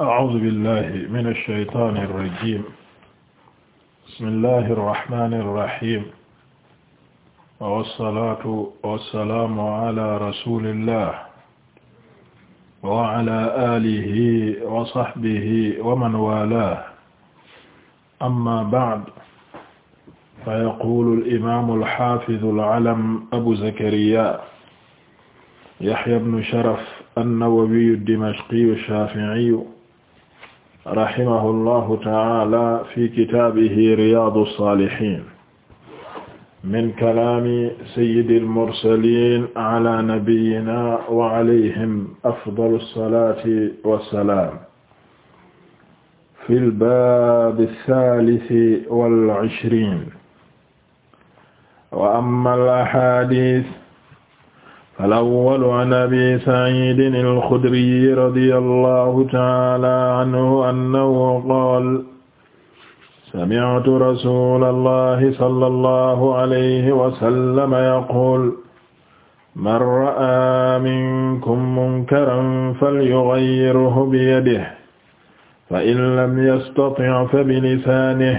أعوذ بالله من الشيطان الرجيم بسم الله الرحمن الرحيم والصلاة والسلام على رسول الله وعلى آله وصحبه ومن والاه أما بعد فيقول الإمام الحافظ العلم أبو زكريا يحيى بن شرف النووي الدمشقي الشافعي rahimahullahu ta'ala fi kitaabihi riyaadu saalihiin min kalaami sayyidil mursaliin ala nabiyyinaa wa alayhim afdalu salaati wa salaam fil baabi saalisi wal ishriin wa ammal ahaadiis al-awwalu an abi saciidin al-xudriyyi radiyallaahu ta'aalaa canhu annahu qaala samictu rasuulallaahi sallallaahu alayhi wa sallam yaquulu man ra'aa minkum munkaran falyughayyirhu biyadihi fa-in lam yastati' fa bilisaanihi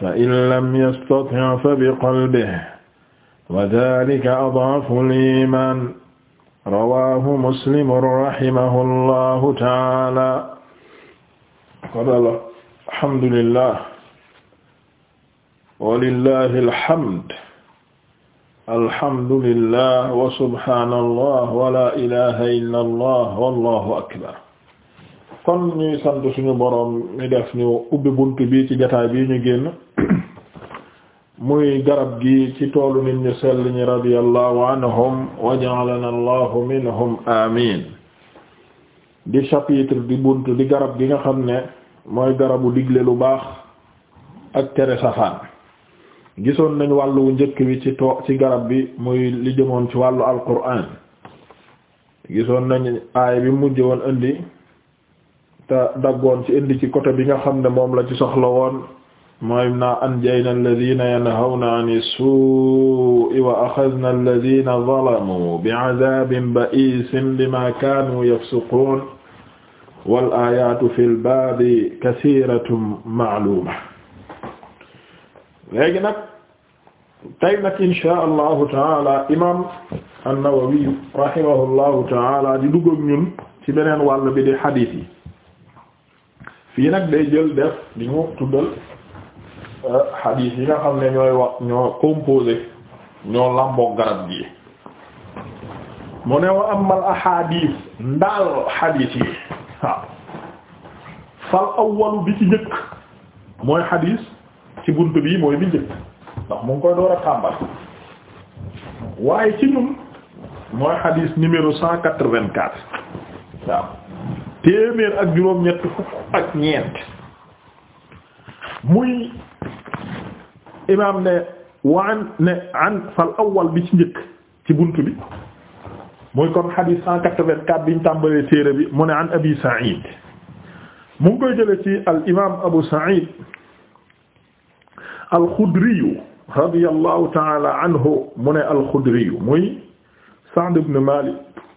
fa-in lam yastati' fa biqalbihi wa dhalika ad'afu al-iman rawahu muslim rahimahu llahu taala kon alhamdulillah walillahi alhamd alhamdulillah wa subhanallah wa la ilaha illa allah wallahu akbar kon ñuy sant suñu boroom mi def ñu ubbi bunt bi ci jotaay bi ñu génn muy garab gi ci toolu nit ñu sell ñi radiyallahu anhum wa ja'alana allahu minhum amin di chapitre di bunt di garab gi nga xam ne mooy garabu digle lu baax ak tere safaan gisoon nañ wàllu wu njëkk bi ci too ci garab bi muy li jëmoon ci wàllu alquran gisoon nañ aay bi mujj woon indi te daggoon ci indi ci côté bi nga xam ne moom la ci soxla woon mooy na anjayna alladina yanhawna ani suu'i wa axadna alladina zalamu bi'adaabin ba'iisin bimaa kaanuu yafsuquun wal aayaatu fil baabi kasiiratun ma'luuma. léegi nag tey nag inshaa allahu taala imaam an-Nawawi rahimahullahu taala di dugg ak ñun ci beneen wàll bi di xadiis yi fii nag day jël def di mu tuddal. xadiis yi nga xam ne ñooy wax ñoo composé ñoo làmboog garab gi mu ne wa amal ahadis ndaal xadiis yi waaw fal awwalu bi ci njëkk mooy xadiis ci bunt bi mooy bi njëkk ndax mu koy door a tàmbal waaye ci ñun mooy xadiis numéro cent quatre-vingt-quatre waaw téeméer ak juróom-ñett fukk ak ñeent muy imaam ne waan ne an fal awwal bi ci njëkk ci buntu bi muy kon xadiis cent quatre-vingt-quatre biñ tàmbalee téere bi mu ne an abi Saïd mu ngi koy jële ci al imaam Abu Saïd al Xudri radiyallahu ta'ala anhu mu ne al Xudri muy Sa'd ibn Maalik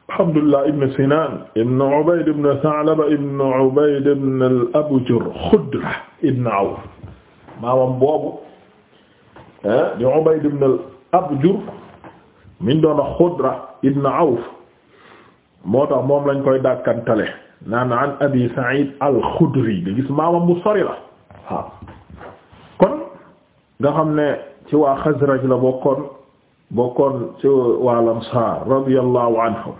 Abdullah ibn Sinan ibn Ubayd ibn Tha'laba ibn Ubayd ibn al Abjar Xudra ibn Awf maamam boobu di Ubayd ibn al-Abjar min doon a Xudra ibn Awf moo tax moom lañ koy dàkkantale naan an Abi Sa'id al-Xudri gis maamam mu sori la kon nga xam ne ci waa Xasraj la bokkoon bokkoon ci waa Ansaar radiyallahu anhum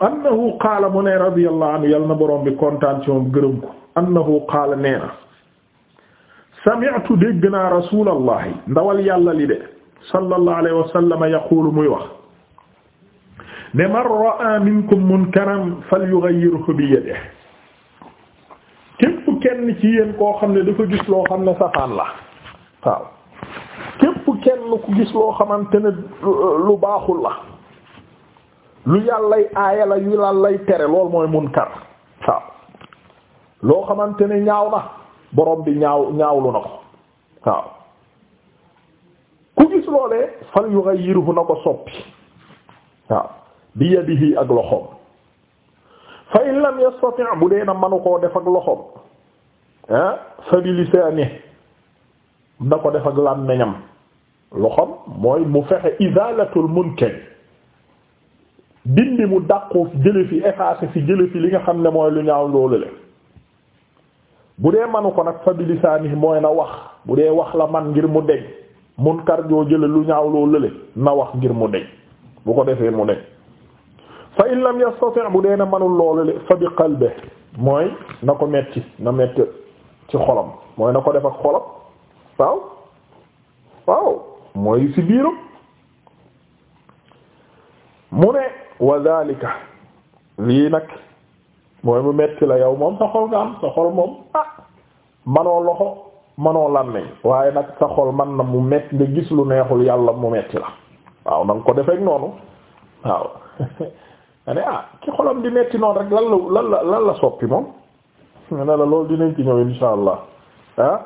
annahu qaala mu ne radiyallahu anhu yal na boroom bi kontaan ci moom gërëm ko annahu qaala nee na sami'tu dégg naa rasulallahi ndawal yàlla li de sallallahu alayhi wa sallam yaqulu muy wax ne man ra'a minkum munkaran falyughayyirhu bi yadihi képp kenn ci yéen koo xam ne dafa gis loo xam ne safaan la waaw képp kenn ku gis loo xamante ne lu baaxul la lu yàllay aaya la yu yàllay tere lool mooy munkar waaw loo xamante ñaaw la borom bi ñaaw ñaawlu na ko waaw ku gis loolee fal yughayyirhu na ko soppi waaw bi yadihi ak loxoom fa in lam yastati' bu dee na manu koo def ak loxoom ah fa bi lisaanihi na ko def ak làmmiñam loxoom mooy mu fexe izalatul munkar dindi mu dàqu jële fi effacé fi jële li nga xam ne mooy lu ñaaw loolu le bu dee manu ko nag fa bi mooy na wax bu dee wax la man ngir mu deñ munkar joo jële lu ñaaw loo lële na wax ngir mu deñ bu ko defee mu deñ fa in lam yastati bu dee na manul loolu le fa bi mooy na ko metti na metti ci xolam mooy na ko def ak xolam waaw waaw mooy ci biiram mu ne wa dhalika lii nag mooy mu metti la yow moom sa xol nga am sa xol moom ah manoo loxo manoo làmmiñ waaye nag sa xol man na mu metti nga gis lu neexul yàlla mu metti la waaw na ko defeek noonu waaw ane ah ki xolam di metti noonu rek lan la lan la lan la soppi moom ne la loolu dinañ ci ñëw insha allah ah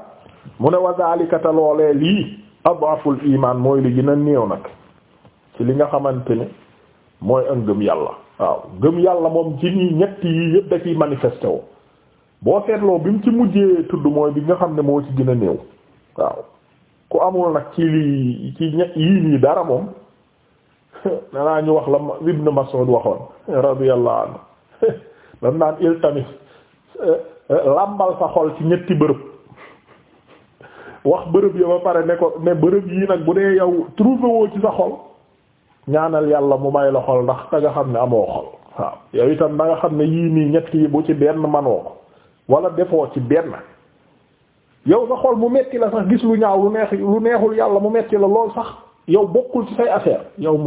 mu ne wasalikata loolee lii adaful iman mooy li gën a néew nag ci li nga xamante ni mooy ak ngëm yàlla waaw ngëm yàlla moom ci nii ñett yi yëpp da ciy boo seetloo bi mu ci mujjee tudd mooy bi nga xam ne moo ci gën a néew waaw ku amul nag ci lii ci ña yii nii dara moom danaa ñu wax la Ibn Mas'ud waxoon radiyallahu anhu dam naan iltamis eh, eh, làmbal sa xol ci ñetti bërëb wax bërëb ya ba pare ne ko ne bërëb yii nag bu dee yow trouvé ci sa xol ñaanal yàlla mu may la xol ndax da nga xam ne amoo xol waaw yow itam da nga xam ne yii nii ñett yi bu ci benn manoo ko wala defoo ci benn yow sa xol mu metti sax gis lu ñaaw lu neex lu neexul yàlla mu metti la lool sax yow bokkul ci say affaire yow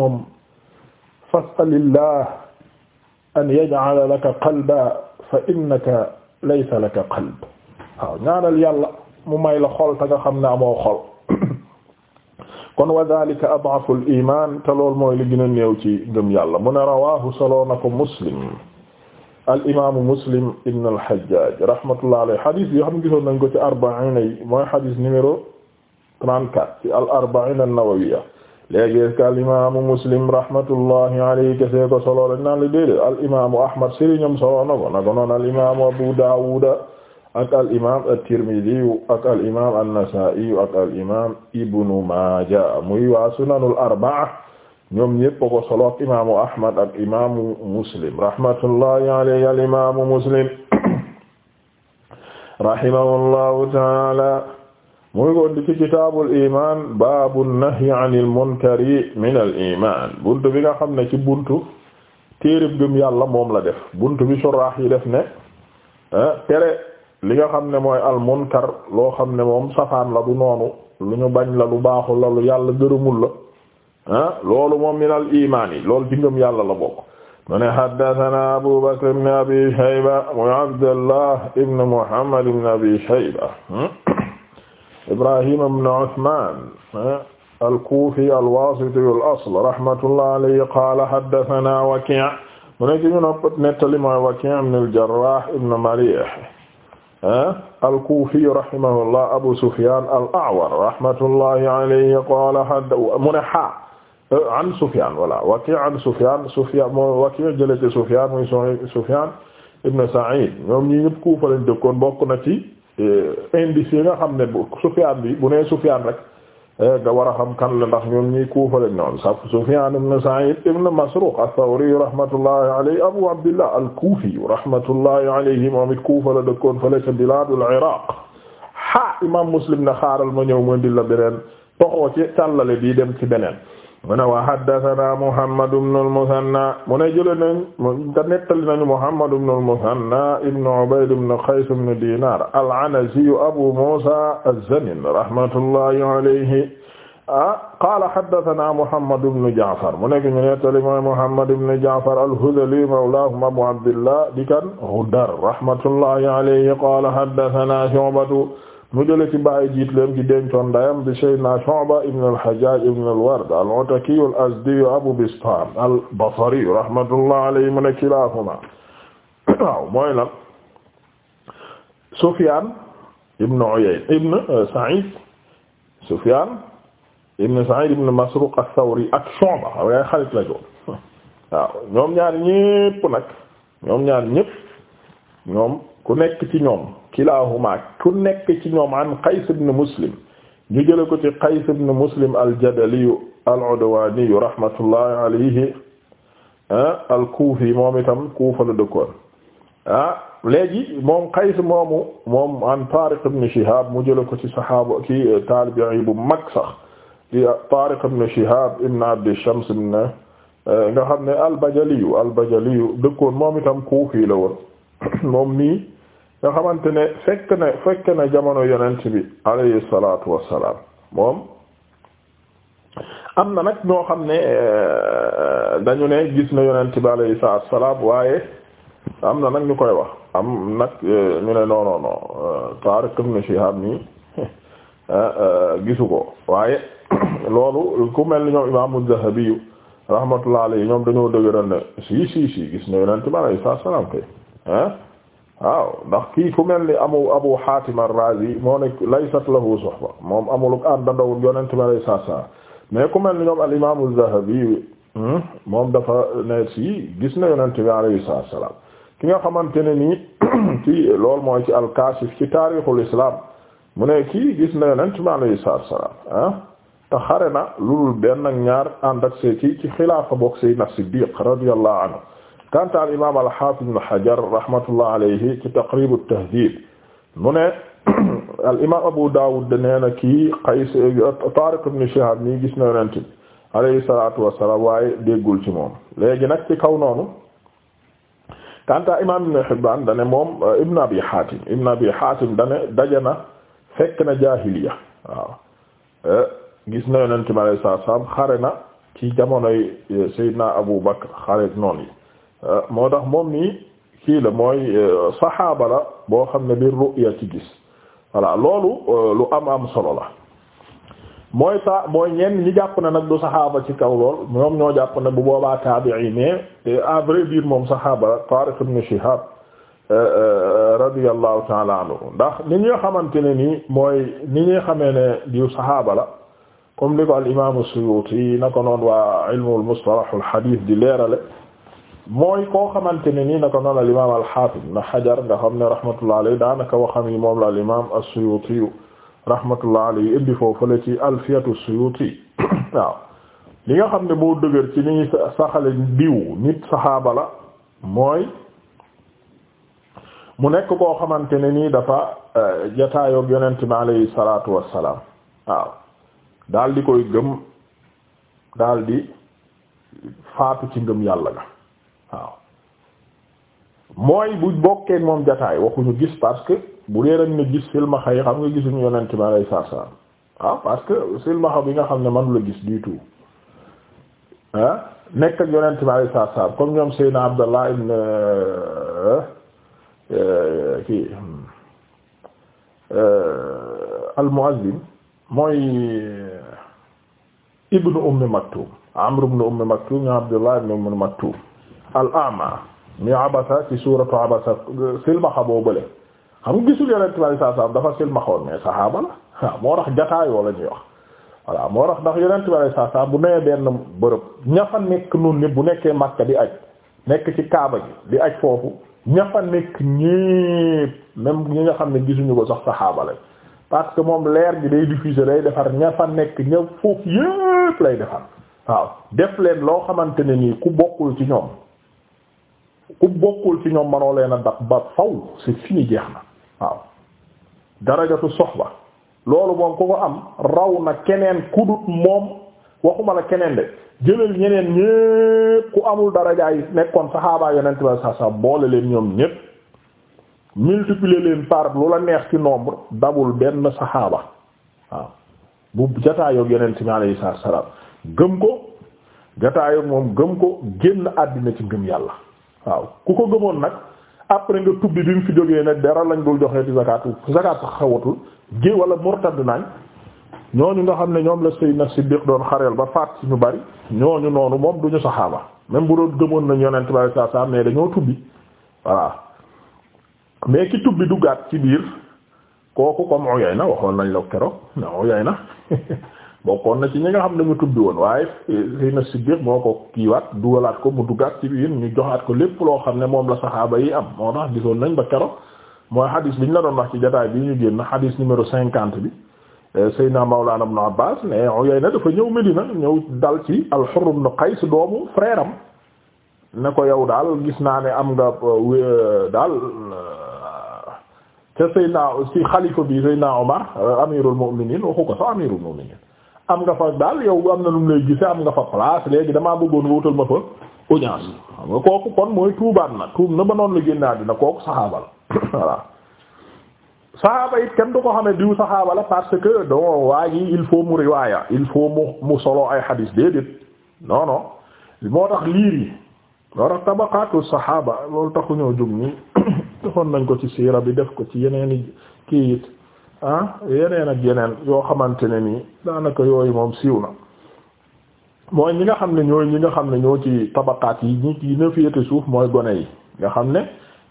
ñaanal yàlla mu may la xool te xam ne amoo xol kon wa dhalika ad'afu al iman te mooy li gën a néew ci ngëm yàlla mu ne rawahu soloo na ko muslim al imaamu muslim ibn al hajjaj rahmatullah alayhi hadith yoo xam ne gisoon nañ ko ci arba'iin yi mooy hadith numéro 34 ci al arba'iin an nawawiyya léegi est-ce que al imaamu muslim rahmatullahi alayhi kese ko solo lañ naan la déedéet al imaamu ahmad sëriñam solo na ko na ko noonu al imaamu abu daawuda ak al imaam at-tirmidhi ak al imaam an-nasa'i ak al imaam ibnu maaja muy waa sunanul arba'a ñoom ñépp ko solo ak imaamu Ahmad ak imaamu Muslim rahmatullahi alayhi al imaamu Muslim rahimahullahu ta'ala muy goon di ci kitaabul iman baabu nahyi anil munkari minal iman buntu bi nga xam ne ci buntu téerib gëm yàlla moom la def bunt bi suraax yi def ne eh, tere li nga xam ne mooy al munkar loo xam ne moom safaan la du noonu lu ñu bañ la lu baaxul la lu yàlla gërëmul la Ah loolu moom min al imaan yi loolu ci ngëm yàlla la bokk mu ne haddathana Abu Bakr ibn Abi Shayba wa Abdullah ibn Muhammad ibn Abi Shayba hmm? Ibrahim ibn Uthman al-Kufi al-Wasiti al-asl rahmatullah alayhi qala haddathana Waki' mu ne ki ñu nopp nettali mooy Waki' ibn al-Jarrah ibn Marih hmm? al-Kufi rahimahullah Abu Sufyan al-A'war rahmatullahi alayhi qala mu ne ha Euh, an Sufyan voilà Waki' an Sufyan Sufyan moo Waki' jële ci Sufyan muy Sufyan ibn Sa'id ñoom ñi ñëpp Kufa lañ dëkkoon bokk na ci euh, indice yi nga xam ne bu Sufyan bi bu nee Sufyan rek euh, nga war a xam kan la ndax ñoom ñi Kufa lañ noon sa Sufyan ibn Sa'id ibn Masruq ath-Thawri rahmatullahi alayhi Abu Abdillah al-Kufi rahmatullahi alayhi moom it Kufa la dëkkoon fële ca bilaadul Iraq ha imam Muslim na xaaral ma ñëw ma di la beneen toxoo ci tallale bi dem ci beneen mu ne wa haddathana Muhammad ibn al-Muthanna mu ne jëlee nañ te nettali nañu Muhammad ibn al-Muthanna ibn Ubayd ibn Qays ibn Dinar al-Anazi Abu Musa az-Zamin rahmatullahi alayhi ah, qala haddathana Muhammad ibn Ja'far mu nekk ñu nettali mooy Muhammad ibn Ja'far al-Hudhali mawlahum Abu Abdillah di kan Ghundar rahmatullahi alayhi qala haddathana Shu'batu mu jële ci bàyyi jiitleem di dencoon ndayam di Seydina Shu'ba ibn al-Hajjaj ibn al-Ward Abu Bistam al rahmatullah alayhi mu kilaahuma waaw mooy lan Sufyan ibn Uyayna ibn euh, Sa'id Sufyan ibn Sa'id ibn Masruq ath ak Shu'ba waaw ñoom ñaar ñépp ñoom ku nekk ci ñoom kilahuma ku nekk ci ñoom an Qays ibn Muslim ñu jële ko ci Qays ibn Muslim al-Jadali al-Udwani rahmatullahi alayhi ah, al-Kufi moom itam Kufa la dëkkoon ah léegi moom Qays moomu moom an Tariq ibn Shihab mu jële ko ci sahaaba ci tabi'i bu mag sax di Tariq ibn Shihab ibn Abd Shams ibn eh, nga xam ne al-Bajali al-Bajali dëkkoon moom itam Kufi la moom nii nga xamante ne fekk na fekk na jamono yonent bi alayhi salaatu wassalaam moom am na nag ñoo xam ne euh, dañu ne gis na yonent bi alayhi salaatu wassalaam waaye am na nag ñu koy wax am nag euh, ñu ne non non non euh, Tariq ibn Shihab nii ah, gisu ko waaye loolu ku mel ni ñoom imaamu Zahabi rahmatullah alayhi ñoom dañoo dëgëral ne si si si gis na yonent bi alayhi salaatu wassalaam kay ah waaw ndax kii ku mel ni amu Abu Hatim ar-Razi moo ne laysat lahu suhba moom amul ànd ndawul yonent ma lay saa saa mais ku mel ni ñoom al-Imam az-Zahabi hmm, moom dafa ne si gis na yonent bi alayhi salaam ki nga xamante ne nii ci loolu mooy ci al-Kashif ci taarixul islam mu ne kii gis na yonent bi alayhi salaam ah te xare na lu dul benn ak ñaar ànd ak see ci ci xilaafa bokk Sayyidina Siddiq radiyallahu anhu kanta al imam al-Hafiz Ibn Hajar rahmatullah alayhi ci Taqrib at-Tahdhib mu ne al imam Abu Dawud nee na kii Qays Tariq ibn Shihab nii gis na yonent bi alayhi salatu wassalam waaye déggul ci moom léegi nag ci kaw noonu kanta imam Ibn Hibban dane moom Ibn Abi Hatim Ibn Abi Hatim dane dajana fekk na jaahiliya waaw eh, gis na yonent bi alayhi salatu wassalam xare na ci jamonoy eh, Seydina Abu Bakr xare noonu yi moo tax moom nii kii la mooy euh, saxaaba la boo xam ne bi ru'ya ci gis voilà loolu euh, lu am am solo la mooy sa mooy ñenn ñi jàpp na nag du saxaaba ci kaw lool ñoom ñoo jàpp na bu boobaa taabi'i mais à vrai dire moom saxaaba la Tariq ibn Shihab euh, radiyallahu ta'ala anhu ndax ni ñuy xamante ne nii mooy ni ñuy xamee ne diw saxaaba la comme li ko al imam as-Suyuti na ko noon waa ilmul mustalah al hadith di leerale mooy koo xamante ne nii naka noonu al imaam al-Hafiz Ibn Hajar nga xam ne rahmatullah alayhi daanaka waxam yi moom la al imaam as-Suyuti rahmatullah alayhi indi foofu la ci alfiyatu suyuti waaw li nga xam ne boo dëgër ci ni saxale diw nit saxaaba la mooy mu nekk koo xamante ne nii dafa euh, jataayoog yonent bi alayhi salaatu salaam waaw daal di koy gëm daal di faatu ci ngëm yàlla ga waaw mooy bu bokkee moom jataay waxuñu gis parce que bu dee rek ñu gis silmaxa yi xam nga gisuñu yonent bi alayhi salaam waaw parce que silmaxa bi nga xam ne man la gis du tout ah nekk ak yonent bi alayhi salaam comme ñoom Seydina Abdallah ibn euh, euh, kii euh, al-Muazzin mooy ibnu Ummi Maktum Amr ibnu Ummi Maktum ñoo Abdallah Ummi Maktum al-a'ma mi abasa ci suuratu abasa silmaxa boo bële xam nga gisul yonent bi saa saam dafa silmaxoon mais saxaaba la moo tax jataayoo la ñuy wax voilà moo tax ndax yonent bi saa saam bu newee benn bërëb ña fa nekk noonu ne bu nekkee Makka di aj nekk ci Kaaba gi di aj foofu ña fa nekk ñépp même ñi nga xam ne gisuñu ko sax saxaaba lañ parce que moom leer gi day diffuser lay defar ña fa nekk ña foofu yépp lay defar waaw def leen loo xamante ne nii ku bokk ci ñoom. ku bokkul ci ñoom manoo leen a dab ba faw si fini jeex na waaw darajatu soxba loolu moom ku ko am raw na keneen kudut moom waxuma la keneen de jëlal ñeneen ñépp ku amul daraja yi nekkoon saxaabaa yonent ba sa sa boole leen ñoom ñépp multiplier leen par lu la neex ci nombre dabul benn saxaaba waaw bu jataayoog yonent bi alayhi salaam gëm ko jataayoog moom gëm ko génn àddina ci ngëm yàlla waaw ku ko gëmoon nag après nga tubbi bi mu fi jógee ne dara lañ dul joxe ci zakatu zakat xawatul gi wala murtad ñoo ñooñu nga xam ne ñoom la si Siddiq doon xareel ba faat ci ñu bari ñooñu noonu moom duñu saxaaba même bu doon gëmoon nañ yonent bi saa saa mais dañoo tubbi voilà mais ki tubbi gaat ci biir kooku comme Uyayna waxoon nañ la keroog na bokkoon na ci ñi nga xam ne mu tubbi woon waaye Seydina Siddiq moo ko kiiwaat duwalaat ko mu duggaat ci biir ñu joxaat ko lépp loo xam ne moom la saxaaba yi am moo tax gisoon nañ ba keroog mooy xadis bi ñu la doon wax ci jotaay bi ñu génn xadis numéro cinquante bi eh, Seydina Mawlana Ibn Abbas ne na dafa ñëw Medina ñëw dal ci al-Hurr ibn Qays doomu frère am ne ko yow daal gis naa ne am nga eh, daal eh, ca Seydina ci xalifa bi Seydina Omar amirul mu'minin waxu ko sax amirul am nga fa daal yow am na lu mu lay gise am nga fa place léegi damaa bëggoon wutal ma fa audience xam nga kooku kon mooy tuubaat na tuub na ba noonu la génn àddina kooku saxaaba la voilà xam ne diw saxaaba la parce que don waa ji il faut mu riwaaya il faut mu mu solo ay xadiis déedéet non non moo tax liir yi moo tax tabaqaatu saxaaba loolu taxu ñoo jóg nii defoon nañ ko ci siira bi def ko ci yeneen kii it ah yeneen ak yeneen yoo xamante ne nii daanaka yooyu moom siiw na mooy ñi nga xam ne ñooy ñi nga xam ne ñoo ci tabaqaat yi ñi ci na féete suuf mooy gone yi nga xam ne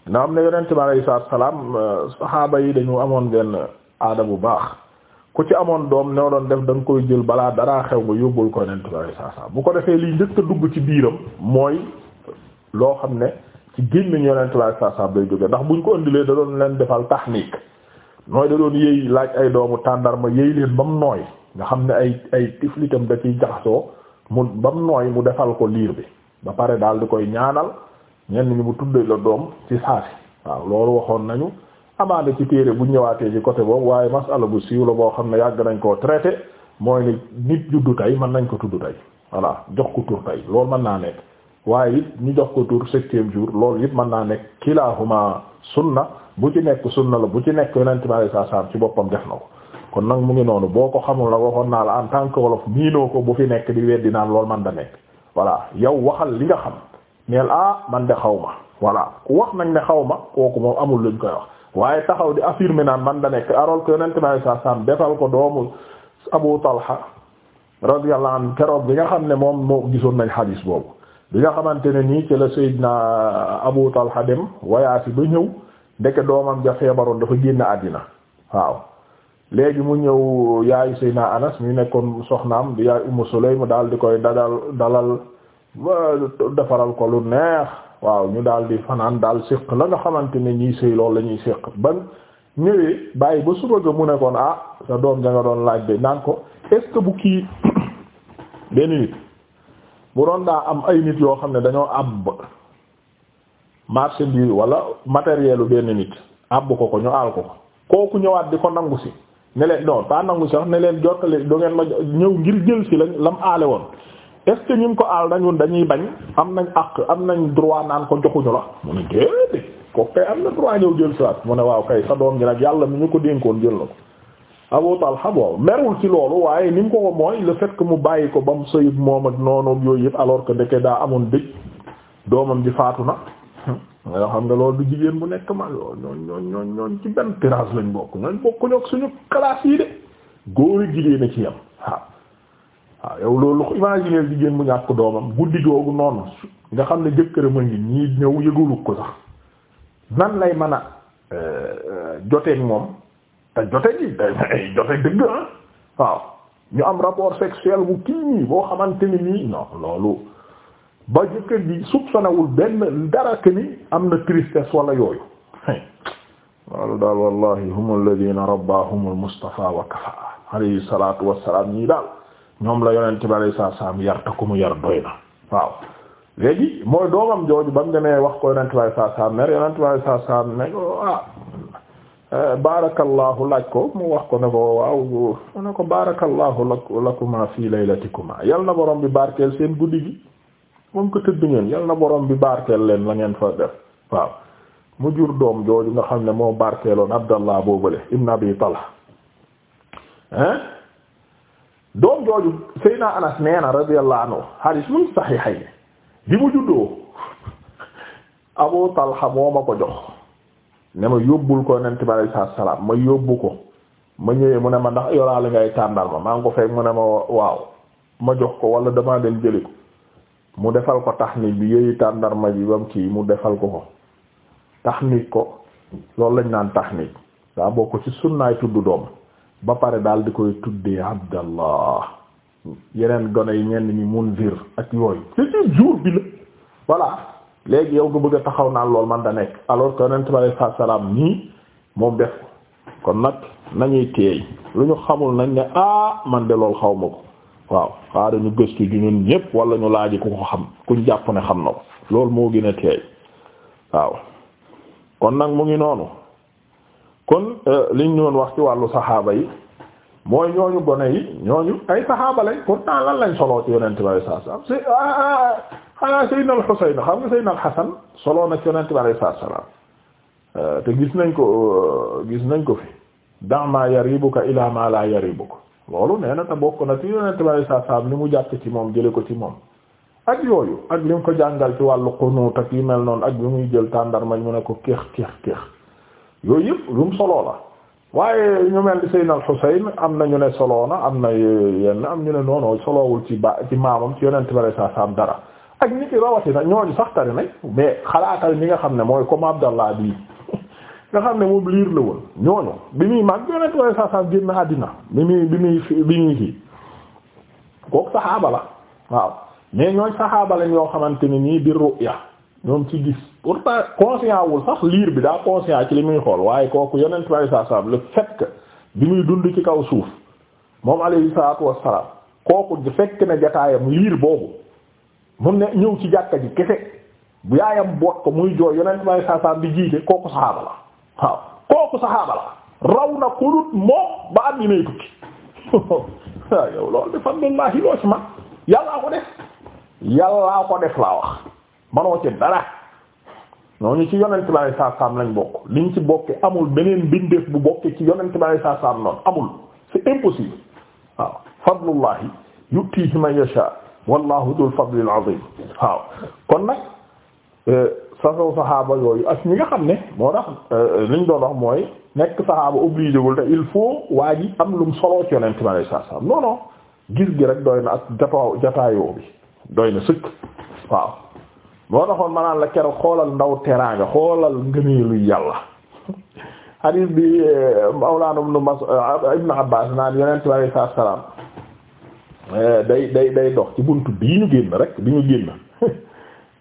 na am ne yonent bi alayhi salaatu salaam euh, saxaaba yi dañu amoon benn aada bu baax ku ci amoon doom noo doon def da koy jël balaa dara xew nga yóbbul ko yonent bi alayhi bu ko defee liy njëkk dugg ci biiram mooy loo xam ne ci génn ñu yonent bi alayhi salaatu salaam day jóge ndax buñ ko indilee da leen defal tahnik nooy da doon yëy laaj ay doomu tàndarma yëy leen ba mu nooy nga xam ne ay ay tiflitam da ciy jaxasoo mu ba mu nooy mu defal ko liir bi ba pare daal di koy ñaanal ñenn ñi mu tuddee la doom ci saasi waaw loolu waxoon nañu amaana ci téere bu ñëwaatee ci côté boobu waaye masala bu siiw la boo xam ne yàgg nañ koo traité mooy nit juddu tey mën nañ ko tudd tey voilà jox ko tur tey loolu mën naa nekk waaye it ñu jox ko tur septième jour loolu it mën naa nekk kilaahuma sunna bu ci nekk na la bu ci nekk yonente bi alayhi salaam ci boppam def na ko kon nag mu ngi noonu boo ko xamul la waxoon naa la en tant que wolof miinoo ko bu fi nekk di weddi naan lool man da nekk voilà yow waxal li nga xam neel ah man de xaw ma voilà ku wax nañ ne xaw ma kooku moom amul luñ koy wax waaye taxaw di affirmer naan man da nekk alors que yonente sa alayhi salaam defal ko doomu Abu Talha radiyallahu anhu keroog bi nga xam ne moom moo gisoon nañ xadiis boobu bi nga xamante ne nii ci la Seydina Abu Talha dem wayaasi ba ñëw ndeke doomam ja feebaroon dafa génn àddina waaw léegi mu ñëw yaayu Seydina Anas mi nekkoon soxnaam di yaay Ummu Sulaym daal di koy dadal dalal defaral ko lu neex waaw ñu daal di fanaan daal séq la nga xamante ne ñiy sëy lool la ñuy séq ba ñëwee bàyyi ba suba ga mu nekkoon ah sa doom ja nga doon laaj de naan ko est-ce que bu kii benn nit bu doon daa am ay nit yoo xam ne dañoo àbb marchandise wala matériel u benn nit àbb ko ko ñu aal ko kooku ñëwaat di ko nangu si ne leen non pas nangu si sax leen jottali do ngeen ma ñëw ngir jël si lañ lam aale woon est ce que ñun ko aal nañun dañuy bañ am nañ àq am nañ droit naan ko joxuñu la mu ne déedéet ko kay am na droit ñëw jël si waat mu ne waaw kay sa doom gi nag yàlla mi ñu ko dénkoon jël na ko Abu Talha waaw merul ci loolu waaye ni mu ko ko mooy la fait ko mu bàyyi ko ba mu sëyib moom ak noonu yooyu yëpp alors que ndeke daa amoon dëj doomam ji faatu na nga xam nga loolu du jigéen bu nekk mag loolu ñooñ ñooñ ñooñ ñooñ ci benn tirage lañu bokk ñooñ bokkuñu ak suñu classe yi de góor ak jigéen a ci yam waaw yow loolu ko imaginer jigéen mu ñàkk doomam guddi googu noonu nga xam ne jëkkëram a ngi ñii ñëw yëgulu ko sax nan lay mën a euh, euh, joteeg moom te jote gi day dëgg ah waaw ñu am rapport sexuel bu kii nii boo xamante ni nii non loolu ba jëkkër ji soupçonnewul benn dara que ni am na tristesse wala yooyu loolu daal wallahi hum alladina rabbahum almustafa wa kafaa alayhi salatu daal ñoom la yonente bi alay saatu salaam yar te ku mu yar waaw léegi mooy doomam jooju ba mu demee wax ko yonente bi alay saatu salaam mer yonente bi alay saatu salaam ne ko ah, barakallahu laaj ko mu wax ko ne ko waaw mu ne ko barakallahu lak lakuma fi laylatikuma yal na borom bi barkeel seen guddi gi moom ko tëdd ngeen yal na borom bi barkeel leen la ngeen fa def waaw mu jur doom jooju nga xam ne moo barkeeloon abdallah boobale ibn abi talha hein doom jooju seyna anas neena radiyallahu anhu hadis mu saxiixay bi mu juddoo abu talha moo ma ko jox ne ma yóbbul ko yonent bi alayhi salaam ma yóbbu ko ma ñëwee mu ne ma ndax yoraale ngay tàndal ma maa ngi ko fekk mu ne ma waaw ma jox ko wala damaa dem jëli ko mu defal ko taxnij bi yooyu tàndarma ji bam kii mu defal ko ko taxnij ko loolu lañ naan taxnij daa bokk ci sunnaay tudd doom ba pare daal di koy tuddee abdallah yeneen gone yi ñenn ñi munzir ak yooyu ci ci jour bi la voilà léegi yow nga bëgg a taxaw naan lool man da nekk alors que yonent bi alayhi salaam nii moom def kon nag nañuy teey lu ñu xamul nañ ne ah man de loolu xaw ma ko waaw xaaral ñu gëstu ju ñun ñépp wala ñu laaj ku ko xam kuñ jàpp ne xam na ko loolu moo gën a teey waaw kon nag mu ngi noonu kon euh, liñ doon wax ci wàllu saxaaba yi mooy ñooñu gone yi ñooñu ay saxaaba lañ pourtant lan lañ soloo ci yonent bi alayhi salaam si ah, ah, ah, xanaa Seydina al-Husayn al-Hasan soloo na ci yonent bi alayhi salaam euh, te gis nañ ko euh, gis nañ ko fi da'ma yaribuka ila ma la yaribuka loolu nee bokk na ti yonent bi alei satu li mu jàpp ci moom jële ko ci moom ak yooyu ak li mu ko jàngal ci wàllu xunuut ak yu mel noonu ak bi muy jël tàndarmañ mu ne ko kéex kéex kéex yooyu yëpp lu mu soloo la waaye ñu mel ni Seydina al am na ñu ne soloo na am na yenn am ñu ne noonu soloowul ci ba ci maamam ci yonent bi alei satu salaam dara ak nit ki rawatina ñooñu sax tari nañ mais xalaatal mi nga xam ne mooy comme Abdallah bii nga xam ne moom liir la woon ñooñu bi muy mag yonent waaye saa saa génn àddina bi muy bi muy bi muy fii kooku saxaaba la waaw mais ñooñ saxaaba lañ yoo xamante ne nii bi ru'ya ñoom ci gis pourtant conscient wul sax liir bi daa conscient ci li muy xool waaye kooku yonent waaye saa saa le fait que bi muy dund ci kaw suuf moom alayhi salaatu wassalaam kooku fekk na jataayam liir boobu mun ne ñëw ci jàkka ji kese bu yaayam boot ko muy jooy yonent waaye saa saa bi jiite kooku saxaaba la. waaw kooku saxaaba la raw na kurut moom ba am yi nay tukki waaw yow loolu bi fadlullahi loo ci man yàllaa ko def yàllaa ko def laa wax manoo ci dara ñooñu ci yonent bi alayhi salaam lañ bokk liñ ci bokke amul beneen bindeef bu bokke ci yonent bi alayhi salaam noonu amul c'est impossible waaw fadlullahi yutihi man yasha wallahu dul fadlil azim waaw kon nag euh, façon saxaaba yooyu ak ñi nga xam ne moo tax euh, liñ doon wax mooy nekk saxaaba obligé te il faut waa ji am lum soloo ci yonent mi alayhi salaam non non gis gi rek doy na ak jataaw jataayoo bi doy na sëkk waaw moo taxoon ma naan la keroog xoolal ndaw teraanga xoolal ngëneelu yàlla hadith bi euh, mawlaana ibn mas euh, ibn abbas naan yonent mi alayhi salaam day day day dox ci bunt bii ñu génn rek bi ñu génn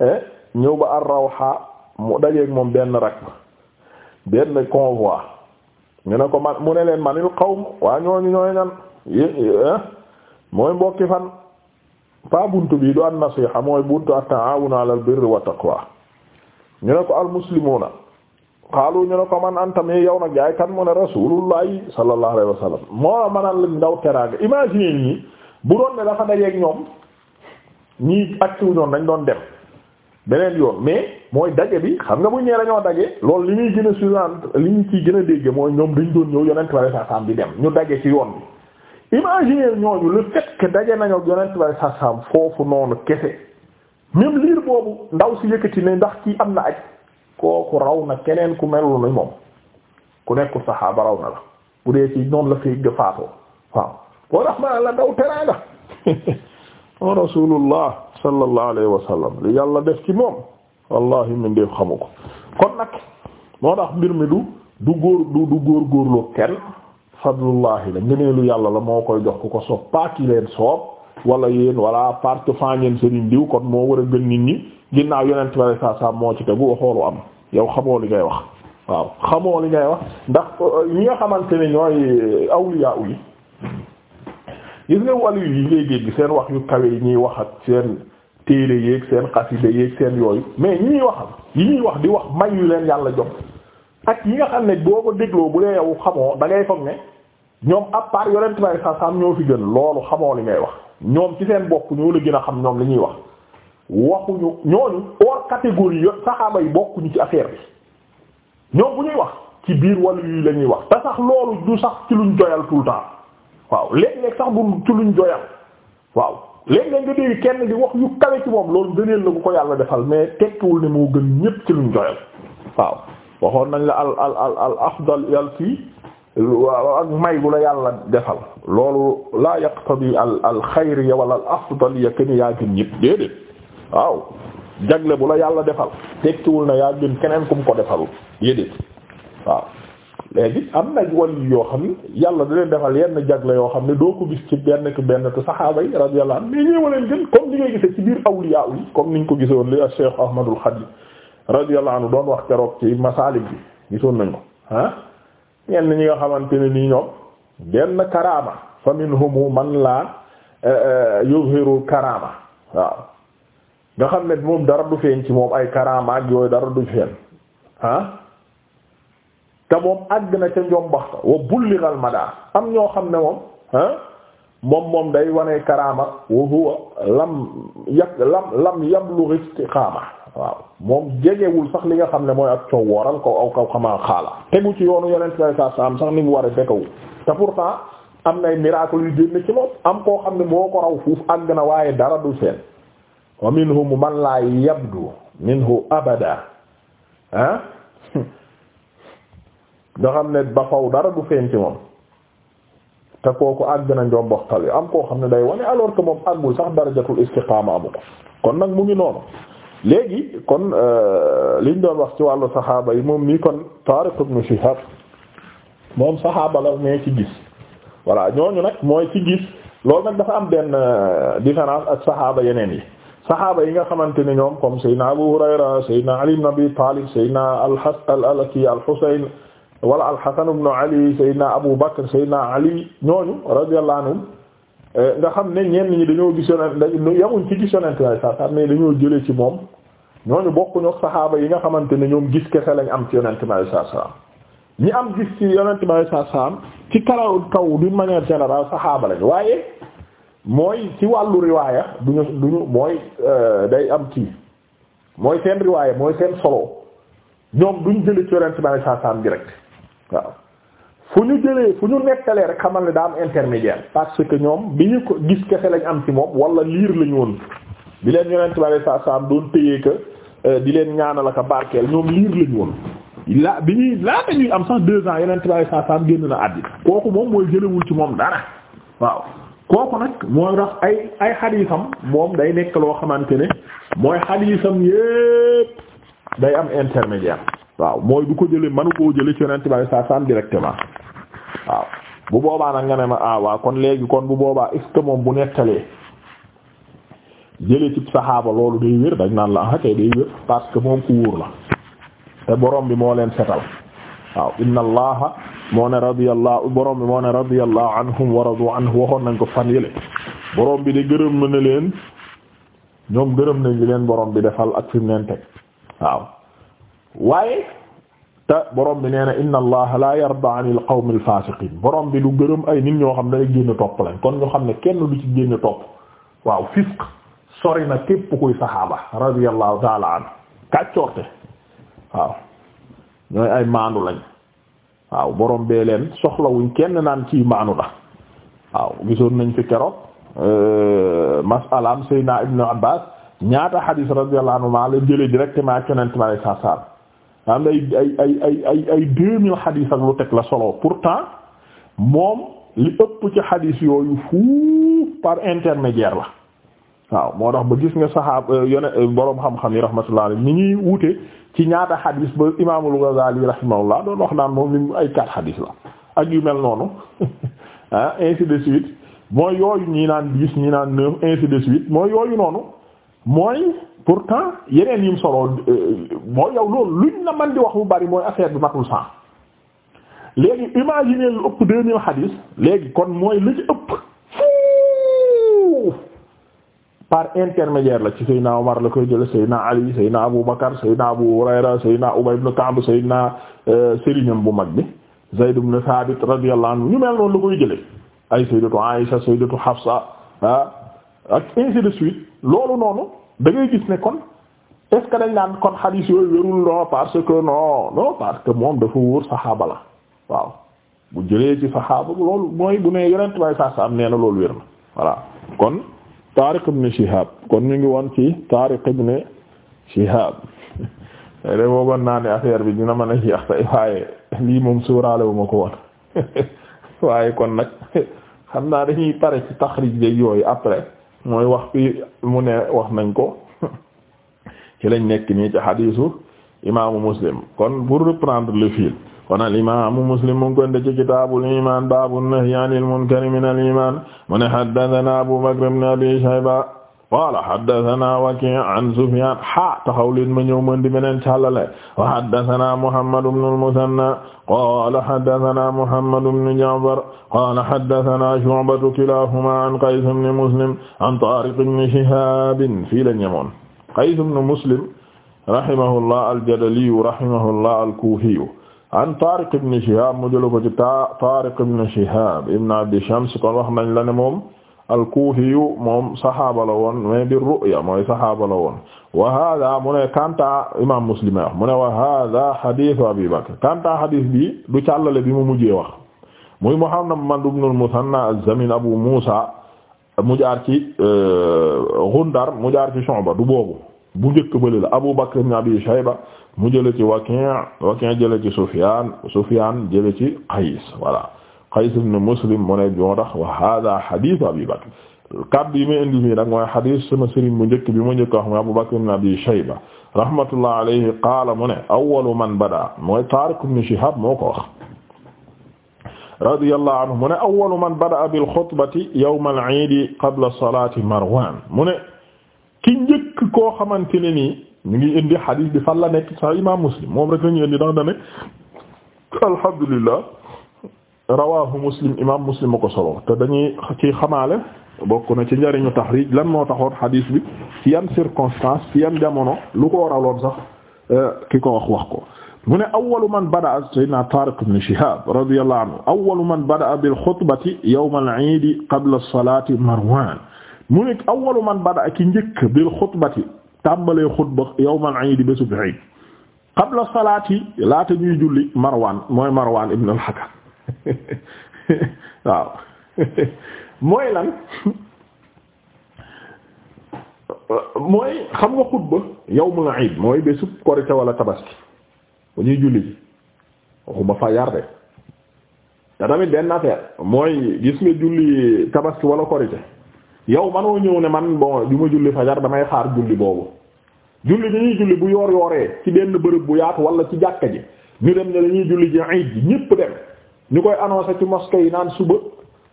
eh? ñëw ba ar-Rawha mu dajeeg moom benn rakk benn convoi ñu ne ko man mu ne leen manil qawm waa ñooñu ñooy ñan mooy mbokki fan pa buntu bi du an-nasiha mooy at-ta'awun 'ala al-birri wa taqwa ñu ne ko al-muslimuna xaalu ñu ne ko man anta mi yow nag yaay kan mu ne rasulullahi sallallahu alayhi wa sallam moo manal lañ ndaw teraanga imagine ñi bu doon ne dafa dajeeg ñoom ñii accu ñoon dañ doon dem beneen yoon mais mooy daje bi xam nga bu ñëwee dañoo daje loolu li ñuy gën a suivante li ñu ciy gën a dégg mooy ñoom dañ doon ñëw yonent bi sa saam bi dem ñu daje ci yoon bi imaginer ñooñu le fait que daje nañu ak yonent bi saa saam foofu noonu kese même liir boobu ndaw si yëkkati ni ndax ki am na ak kooku raw na keneen ku melul ni moom ku nekkul saxaaba raw na la bu dee ci noonu la fay faatoo waaw boo tax ma la ndaw teraanga o rasulullah sallallahu alayhi wa sallam li yàlla def ci moom wallahi min def xamu ko kon nag moo tax mbir mi du du góor du du góor góorloo kenn fadlullahi la ngëneelu yàlla la moo koy jox ku ko soob paaki leen soob wala yéen wala parte fan ngeen sëriñ diw kon moo war a gën nit ñi ginnaaw yonent bare saa saa moo ci tegu waxoolu am yow xamoo li ngay wax waaw xamoo li ngay wax ndax ñi nga xamante ne ñooy awliya yi gis nga wàllu yi ngay dégg seen wax yu kawe yi ñuy wax ak seen téere yéeg seen xasida yéeg seen yooyu mais ñi ñuy waxal yi ñuy wax di wax may yu leen yàlla jox ak yi nga xam ne boo ko dégloo bu dee yow xamoo da ngay foog ne ñoom à part yonent bay sa sam ñoo fi gën loolu xamoo li ngay wax ñoom ci seen bopp ñoo la gën a xam ñoom li ñuy wax waxuñu ñooñu hors catégorie yo saxaaba yi bokkuñu ci affaire bi ñoom bu ñuy wax ci biir wàllu yi la ñuy wax te sax loolu sax ci luñ joyal tout le temps waaw léeg-léeg sax bu ci luñ doyal waaw léeg-léeg nga dégg kenn di wax yu kawe ci moom loolu gëneel la bu ko yàlla defal mais tekkiwul ne moo gën ñépp ci luñ doyal waaw waxoon nañ la al al al al afdal yàlla fii ak may bu la yàlla defal loolu laa yaqtadi al al xayri ya wala al afdal ya kenn yaa gën ñépp déedéet waaw jagle bu la yàlla defal tekkiwul na yaa gën keneen ku mu ko defalul déedéet waaw léegi am na wàllu yoo xam ne yàlla da leen defal yenn jagle yoo xam ne doo ko gis ci benn ki benn te saxaaba yi radiyallahu anhum mais ñëw leen gën comme ni ngay gisee ci biir awliya yi comme niñ ko gisoon li Cheikh Ahmadul Khadim radiyallahu anhu doon wax keroog ci masaalik bi gisoon nañ ko ah. ñenn ñi nga xamante ne nii ñoom benn karaama fa minhum man la eh, eh, yuzhiru karaama waaw nga xam ne moom dara du feeñ ci moom ay karaama ak yooyu dara du feeñ ah. te àgg na ca njombaxta wa bulliral madaar am ñoo xam ne moom ah moom moom day wane karaama wa huwa lam yak lam lam yablugh istiqaama waaw moom jegewul sax li nga xam ne mooy ak coow wooral ko aw kaw xamaa xaala tegu ci yoonu yeneen sa sa sax ni mu war a fekkawu te pourtant am nay miracle yu génn ci moom am koo xam ne moo ko raw fuuf àgg na waaye dara du seen wa minhum man laa yabdu minhu abada ah nga xam ne ba faw dara du feeñ ci moom te kooku àgg na njomboxtal yi am koo xam ne day wane alors que moom àggul sax darajatul istiqaama amu kon nag mu ngi noonu léegi kon euh, liñ doon wax ci wàllu saxaaba yi moom mii kon Taariq ibn Shihab moom saxaaba la mais ci gis voilà ñooñu nag mooy ci gis loolu nag dafa am benn euh, différence ak saxaaba yeneen yi saxaaba yi nga xamante ne ñoom comme Seydina Abu Hurayra Seydina Ali ibn Abi Talib Seydina al-Hasan alaki al-Husayn wala alxasan ibn ali saydna abu bakr saydna ali ñooñu radiyallahu anhum eh, nga xam ne ñenn ñi dañoo gis yonent yamuñ ci gis yonent waaye saa saa mais dañoo jëlee ci moom ñooñu bokkuñu saxaaba yi nga xamante ne ñoom gis kese lañ am ci yonent maay saa saa ñi am gis ci yonent maay saa saa ci kalaw kaw d'une manière générale saxaaba lañ waaye mooy ci wàllu riwaaya duñu duñu mooy euh, day am ci mooy seen riwaaya mooy seen solo ñoom duñ jëlee ci yonent maay waaw fu ñu jëlee fu ñu nekkalee rek xamal ne daa am intermédiaire parce que ñoom bi ñu ko gis kese lañ am si moom wala liir lañu woon bi leen yonent bi alayhi salaam doon téyee euh, que di leen ñaanal ak barkeel ñoom liir lañu woon la bi ñuy laata ñuy am sax deux ans yonent bi alayhi salaam génn na àddina kooku moom mooy jëlewul ci moom dara waaw kooku nag mooy tax ay ay xadiisam moom day nekk loo xamante ne mooy xadiisam yépp day am intermédiaire waaw mooy du ko jële manu koo jële ci yonent bi saa saam directement waaw bu boobaa nag nga ne ma ah kon léegi kon bu boobaa est moom bu nettalee jële ci saxaaba loolu day wér dañ naan la ah day wér parce que moom ku wóor la te borom bi moo leen setal waaw inna allaha moo ne radiyallahu borom bi moo ne radiyallahu anhum wa radu waxoon nañ ko fan yële borom bi de gërëm na leen ñoom gërëm nañ li leen borom bi defal ak fi mu waaw waaye te borom bi nee na inna allah la yarda anil qawmil fasiqin boroom bi lu gërëm ay nit ñoo xam ne dañuy génn topp lañ kon ñoo xam ne kenn du ci génn topp waaw fisq sori na képp kuy saxaaba radiyallahu taala anhu kàccoorte waaw ñooy ay maandu lañ waaw borom bee leen soxlawuñ kenn naan ci maandu la waaw gisoon nañ fi keroog euh, masalaam Seydina Ibnu Abbaas ñaata xadiis radiyallahu anhu maa la jëlee directement ak yonent ma lay saa am ay ay ay ay ay ay deux mille xadiis ak lu teg la solo pourtant moom li ëpp ci xadiis yooyu fuuf par intermédiaire la waaw moo tax ba gis nga saxaab euh, yone euh, boroom xam-xam yi rahmatullah alayhi ni ñuy wute ci ñaata xadiis ba imaamul Ghazali rahimahullah doon dox naan moom ni ay quatre xadiis la ak yu mel noonu ah ainsi de suite mooy yooyu ñii naan dix ñii naan neuf ainsi de suite mooy yooyu noonu mooy pourtant yeneen yim solo euh, mooy yow loolu luñ la man di wax bu bari mooy affaire bi matul sens léegi imaginer lu ëpp deux mille hadis léegi kon mooy lu ci ëpp par intermédiaire la ci Seydina Omar la koy jële Seydina Ali Seydina Abu Bakar Seydina Abu Hurayra Seydina Ubay ibn Ka'b Seydina euh, sëriñam bu mag bi Zayd ibn Thabit radiyallahu anhu ñu mel noonu la koy jële ay Sayyidatu Aisha Sayyidatu Hafsa ah ak ainsi de suite loolu noonu da ngay gis ne kon est ce que dañ naan kon xadiis yooyu wérul non parce que non non parce que moom dafa wóor saxaaba la waaw bu jëlee ci saxaaba loolu mooy bu ne yonent bay sax am nee na loolu wér na voilà kon Tariq ibn Shihab kon ñu ngi woon ci Tariq ibn Shihab tey de boobu naa ne affaire bi dina mën a jeex tey waaye lii moom suuraale wu ko woon waaye kon nag xam naa dañuy pare ci taxrij yooyu après. mooy wax bi mu ne wax nañ ko ci lañ nekk nii ci xadiisu imaamu muslim kon pour reprendre le fil kon al imaamu muslim mu ngi koy def ci an imaan baabu nahyi anil munkari minal imaan mu ne haddathana abu bakr ibn abi shayba qaala haddathana Waki' an Sufyan ha taxaw leen ma ñëw mën di beneen càllale wa haddathana Muhammad ibn al-Muthanna qaala haddathana Muhammad ibn Ja'far qaala haddathana Shu'ba kilahuma an Qays ibn Muslim an Tariq ibn Shihab fii la ñemoon Qays ibn Muslim rahimahullah al-Jadali rahimahullah al-Kufi an Tariq ibn Shihab mu jël ko ci Tariq ibn Shihab ibn Abd Shams kon wax nañ la ne moom al-Kufiyu moom saxaaba la woon mais bi ru'ya mooy saxaaba la woon wa hada mu ne kanta imam Muslim wax mu ne wa hada hadithu Abi Bakr kanta hadith bi du càllale bi mu mujjee wax muy Muhammad ibn al-Muthanna az-Zamin Abu Musa mu jaar ci euh, Ghundar mu jaar ci Shu'ba du boobu bu njëkk bële la Abu Bakr ibn Abi Shayba mu jële ci Waki' Waki' jële ci Sufyan Sufyan jële ci Qays voilà Qays ibn Muslim mu ne joo tax wa hada hadith Abi Bakr kaddu yi may indi fii nag mooy hadith sama sëriñ bu njëkk bi ma njëkk wax mooy Abu Bakr ibn Abi Shayba rahmatullah alayhi qaala mu ne awwalu man bada mooy Tariq ibn Shihab moo ko wax radiyallahu anhu mu ne awwalu man bada bil xutbati yawm al iid qabla salaati Marwan mu ne ki njëkk koo xamante ne nii ñu ngi indi hadith bi fan la nekk sa imam Muslim moom rek la ñu indi ndax da ne alhamdulillah rawaahu muslim imaam muslim ma solo te dañuy ci xamaale bokk na ci njëriñu taxriij lan moo taxoon xadiis bi ci yan circonstance ci yan jamono lu ko waraloon sax euh, ki ko wax wax ko mu ne awwalu man bada'a sayyidina Taariq ibn Shihaab radiyallahu anhu awwalu man bada'a bil xutbati yawm al-iid qabla as-salaati Marwaan mu ne awwalu man bada'a ki njëkk bil xutbati tàmbalee xutba yawm al-iid bésub iid qabla as-salaati laata ñuy julli marwan mooy Marwaan ibn al-Hakam waaw mooy lan mooy xam nga xutba yawmul iid mooy bésu korite wala tabaski bu ñuy julli ji waxuma fa yarde te tamit benn affaire mooy gis nga julli tabaski wala korite yow manoo ñëw ne man bon du ma julli fajar damay xaar julli boobu julli bi ñuy julli bu yoor yooree ci benn bërëb bu yaatu wala ci jàkka ji ñu dem ne dañuy julli ji iid ji ñépp dem ni koy a ci mosquée yi naan suba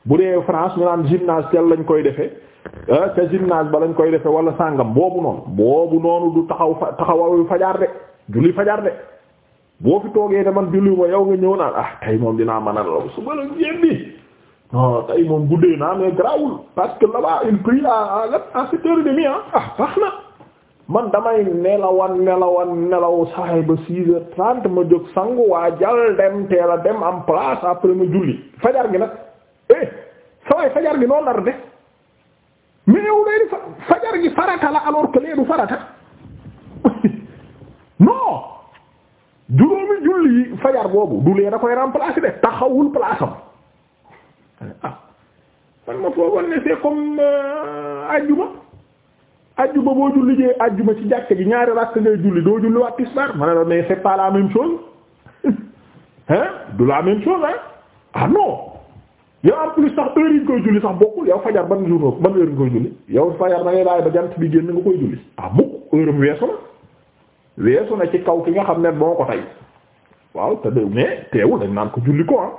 bu dee France ñu naan gymnase tel lañ koy defee ah, ca gymnase ba lañ koy defee wala sàngam boobu noonu boobu noonu du taxaw fa taxawawu fajar de julli fajar de boo fi toogee ne man julli ma yow nga ñëw naan ah tey moom dinaa man a lool suba la ngeen di tey moom guddee naa mais grawul parce que là-bas il prie à à sept heures et ah, ah baax na. man damay nelawan nelawan nelaw saxee ba six heures trente ma jóg sangu waa jal dem teel a dem am place après ma julli fajar gi nag eh saway fajar gi noonu nar de mais yow fajar gi farata la alors que lee du farata non juróomi julli fajar boobu du lee da koy remplacer de taxawul place ah, man ma foogoon ne c'est comme euh, ajjuma ajjuma boo julli jee ajjuma ci jàkk ji ñaari rakk ngay julli doo julli waat tisbaar ma ne la mais c'est pas la même chose hein du la même chose hein ah non yow en plus sax heure koy julli sax bokkul yow fajar ban jour ban heure nga koy julli yow fajar da ngay bàyyi ba jant bi génn nga koy julli ah mukk heure na ci kaw ki nga xam ne moo ko tey waaw te de mais dañ naan ko julli ko ah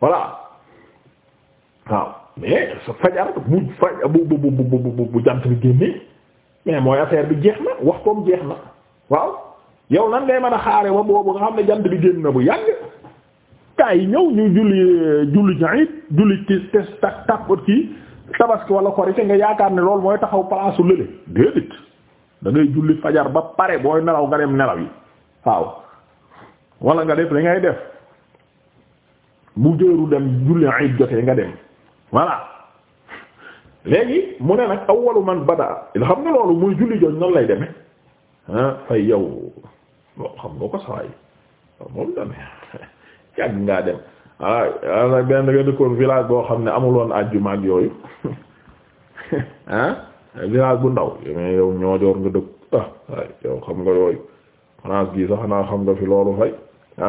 voilà waaw mais sa fajar bu fa bu bu bu bu bu jant bi génnee mais mooy affaire bi jeex na waxtoom jeex na waaw yow nan ngay mën a xaare ba boobu nga xam ne jant bi génn na bu yàgg ñëw ñu julli euh, julli jaayit julli ci tes wala korite nga yaakaar ne loolu mooy taxaw palaasu lële déedéet da julli fajar ba pare booy nelaw nga dem nelaw yi waaw wala nga def dangay def bu jëru dem julli ayit jotee nga dem voilà léegi mu ne nag awwalu man bada xam nga loolu muy julli jooju noonu lay deme fay yow loo xam nga ko sawaay moom dame yàgg ngaa dem wala benn nga dëkkoon village boo xam ne amuloon àjjuma ak yooyu ah village bu ndaw mais yow ñoojoor nga dëkk ah yow xam nga yooyu France gi sax naa xam nga fi loolu fay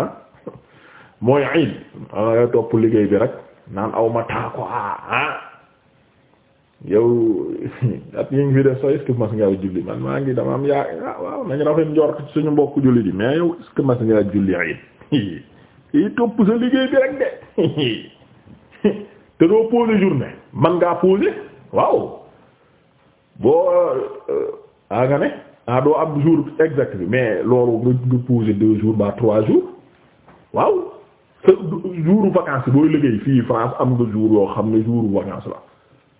mooy iid ana nga topp liggéey bi rek naan aw ma ah yow at yi ngi fi def sax est-ce julli man maa ngi dama am yaa ah waaw nañ rafet njort suñu mbokk julli di mais yow est-ce que mas ngaa julli it topp sa liggéey bi rek de te doo posé journée man ngaa posé waaw boo euh, a ah nga ne ah doo am jour exact bi mais loolu nga nga posé deux jours ba trois jours waaw sa jouru vacances booy liggéey fii France am nga jour yoo xam ne jouru vacances la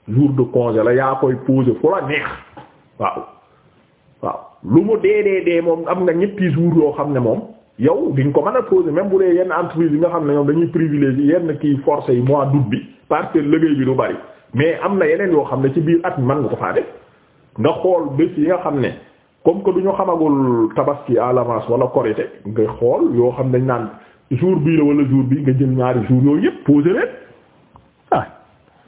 jour de congé la yaa koy poser fu la neex waaw waaw lu mu dee dee dee moom am nga ñetti jours yoo xam ne moom yow ñu ko mën a poser même bu dee yenn entreprise yi nga xam ne ñoom dañuy privilégier yenn kii forcé yi mois d'août bi parce que liggéey bi du bari mais am na yeneen yoo xam ne ci biir at man nga ko faa def nga xool bés yi nga xam ne comme que du ñu xamagul tabaski à l'avance wala korite nga xool yoo xam dañ naan jour bii la wala jour bi nga jël ñaari jour yooyu yëpp poser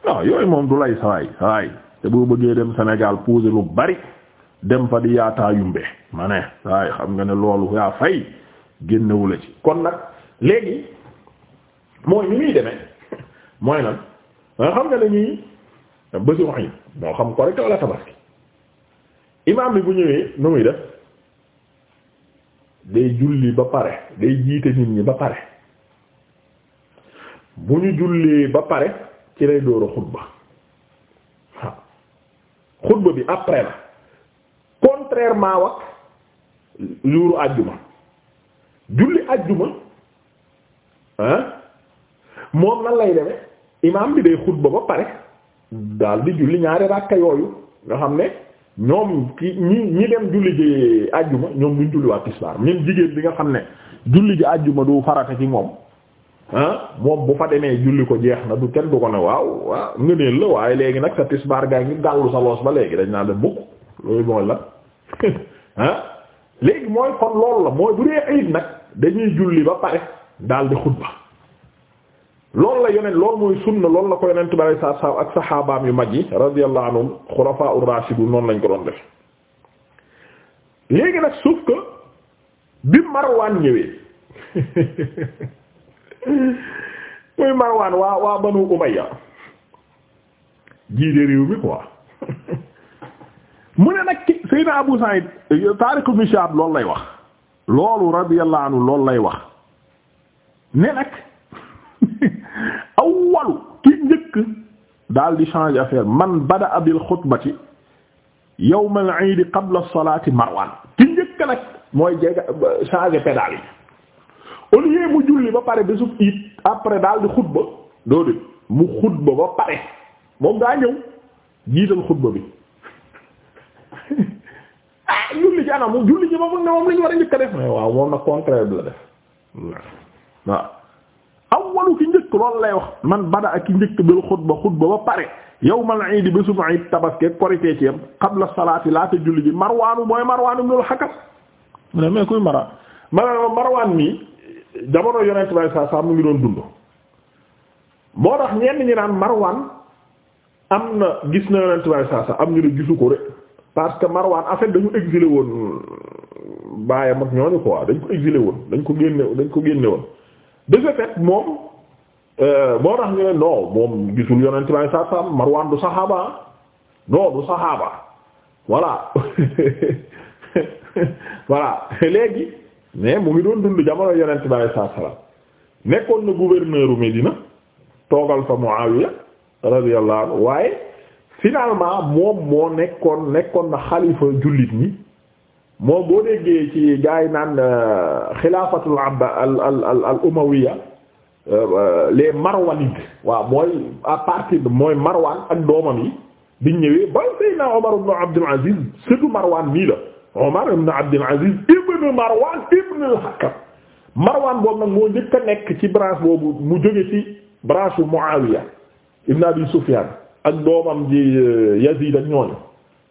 waaw yooyu moom du lay sawaay sawaay te boo bëggee dem senegal poser lu bari dem fa di yaataa yumbe ma ne sawaay xam nga ne loolu yaa fay génnewu ci kon nag léegi mooy ni muy demee mooy lan ah, nga moo xam ko rek tabaski imaam bi bu ñëwee nu muy def day julli ba pare day jiite nit ñi ba pare bu ñu jullee ba pare ci lay xutba xutba bi après la contrairement wax jouru àjjuma julli àjjuma ah moom lan lay demee imaam bi day xutba ba pare daal di julli ñaari ràkka yooyu nga xam ne ñoom ki ñi ñi dem julli ji àjjuma ñoom duñ julli waa tisbaar même jigéen bi nga xam ne julli ji àjjuma du farata ci moom moom bu fa demee julli ko jeex na du kenn du ko ne waaw waaw ngëneel la waaye léegi nag sa tisbaar gaa ngi gàllu sa loos ba léegi dañ naa def bukk loolu mooy la ah léegi mooy kon loolu la mooy bu ko yonent ba saa saa ak saxaabaam yu mag yi radiyallahu anhum xulafaa ur-raashidun noonu lañ ko doon def léegi nag sauf que bi Marwaan ñëwee muy Marwan waa waa Banu Umayya jiite réew mi quoi mu ne nag Seydina Abu Sa'id Tariq ibn Shihab loolu lay wax loolu radiyallahu anhu loolu lay wax ne nag awwalu ki njëkk daal di changer affaire man bada'a bil xutbati yawm al-'iid qabla as-salaati Marwan ki njëkk nag mooy jega changer pédale yi au lieu mu julli ba pare bésub it après daal di xutba doo dét mu xutba ba pare moom daa ñëw jiital xutba bi ah julli ci anam julli ci ba mu ne moom lañu war a njëkk a def mais waaw moom nag contraire bi la def waaw awwalu ki njëkk loolu lay wax man bada ak ki njëkk bil xutba xutba ba pare yawmal iid bésub iid tabaski korité ci yam qabla salaati laata julli bi marwaanu mooy marwaanu ibnul hakam mu ne mais kuy mara mara marwaan mi jamono yonent bi saa saa mu ngi doon dund moo tax ñenn ñi naan marwaan am na gis na yonent bi saa saa am ñu ne gisu ko rek parce que Marwan en fait dañu exilé woon baayam ak ñooñu quoi dañ ko exilé woon dañ ko génne dañ ko génne woon de ce fait moom euh, moo tax ñu ne non moom gisul yonent bi saa saa Marwan du saxaaba non du saxaaba voilà voilà léegi. mais mu ngi doon dund jamono yonent bi alayhi salaam nekkoon na gouverneuru Médina toogal fa Muawiya radiyallahu waaye finalement moom moo nekkoon nekkoon na xalifa jullit ñi moom boo déggee ci gaay naan euh, xilaafatul abba al al al umawiya euh, euh, les marwanides waaw mooy partir mooy Marwan ak doomam yi biñ ñëwee ba Seydina Omar ibn Abdul Aziz surtout Marwan mii la Omar ibn Abdul Aziz ibn Marwan ibn al-Hakam boobu nag moo njëkk a nekk ci branche boobu mu jóge ci branche bu Muawiya ibn Abi Sufyan ak doomam ji euh, Yazid ak ñooñu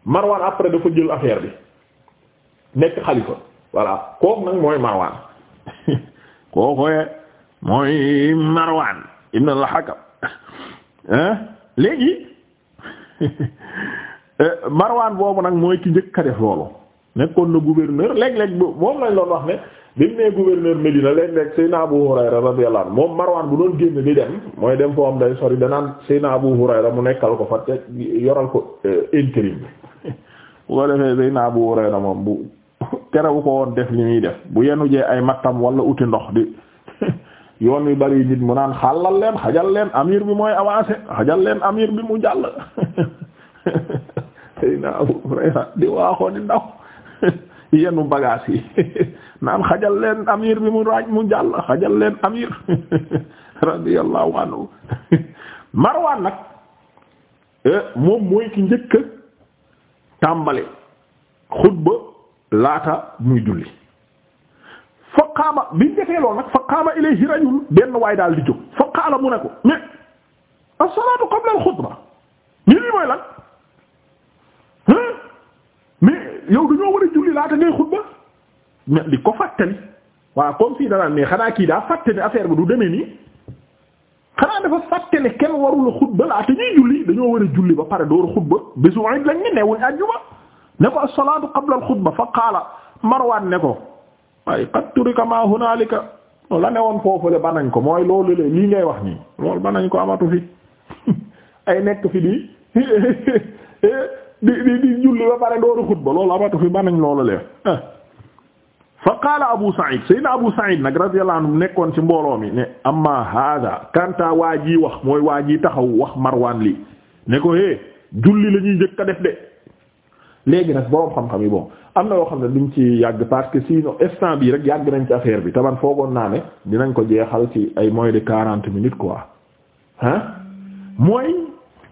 Marwan après dafa jël affaire bi nekk xalifa voilà kooku nag mooy Marwan kooku mooy Marwan ibn al-Hakam léegi euh, Marwan boobu nag mooy ki njëkk a def loolu nekkoon na gouverneur léeg-léeg moom lañ doon wax ne bi mu nee gouverneur Medina léeg-léeg Seyna Abu Hurayra radiyallahu moom Marwan bu doon génn di dem mooy dem foo am day sori danaan Seyna Abu Hurayra mu nekkal ko fa te yoral ko euh, intérim bi bu ko defee moom bu ko woon def li def bu yenu jee ay mattam wala uti ndox di yoon wi bari nit mu naan xàllal leen xajal leen amir bi mooy avancé xajal leen amir bi mu jàll Seyna Abu Hurayra di waaxoo di ndaw yenu bagaas yi naan xajal leen amir bi mu raaj mu jàll xajal leen amir radiyallahu anhu Marwan nag eh, moom mooy ki njëkk tàmbale xutba laata muy julli fa qaama biñ defee lool nag fa qaama ilayhi rajul benn waay daal di jóg fa qaala mu ne ko mais as qabla al-xutba lii mooy lan mais yow dañoo war a julli laata ngay xutba mais di ko fàttali waaw comme si danaan mais xanaa kii daa fàtte ne bi du demee nii xanaa dafa fàtte ne kenn warula xutba laata ñuy julli dañoo war a julli ba pare doo xutba bésu iid lañ ne newuñ àjjuma ne ko as-salaatu qabla al-xutba fa qaala Marwaan ne ko waaye qad turika maa hunaalika la newoon foofule ba nañ ko mooy loolu le lii ngay wax nii loolu ba nañ ko amatu fi ay nekk fi di di di di julli ba pare dooru xutba loolu amatu fi banañ loolu leen ah. fa qaala abu sa'id sayyidina abu sa'id nag radiyallahu anhu nekkoon ci mbooloo mi ne amma hada kanta waa ji wax mooy waa ji taxaw wax marwaan li ne ko hé julli la ñuy njëkk a def de léegi nag boroom xam-xam yi bon am na yoo xam ne duñ ci yàgg parce que sinon rek yàgg nañ ci affaire bi taman foogoon naa dinañ ko jeexal ci ay moy de quarante minutes quoi ah mooy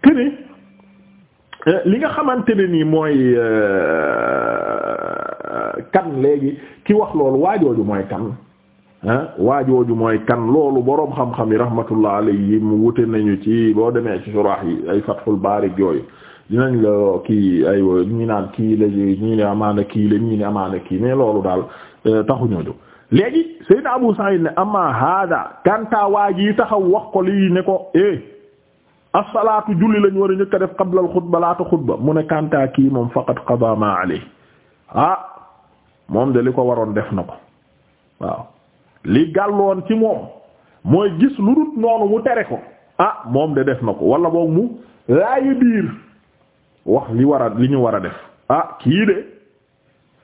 que li nga xamante ne nii mooy euh, kan léegi ki wax loolu waajooju mooy kan waajooju mooy kan loolu boroom xam-xam yi rahmatullah alayhi mu wute nañu ci boo demee ci surah yi ay fathul barik yooyu dinañ la kii ay ñi naan kii la ñii ne amaana kii la ñii ne kii mais loolu daal euh, taxuñoo jóg léegi sayyid Abu Sa'id ne ama hada kanta waa ji taxaw wax ko lii ne ko eh asalaatu julli lañu war a njëkk def qablal xutba laata xutba mu ne kantaa kii moom faqat qada ma alay ah moom de li ko waroon def na ko waaw li gàlloon ci moom mooy gis lu dut noonu mu tere ko ah moom de def na ko wala boog mu laayi biir wax li war a li ñu war a def ah kii de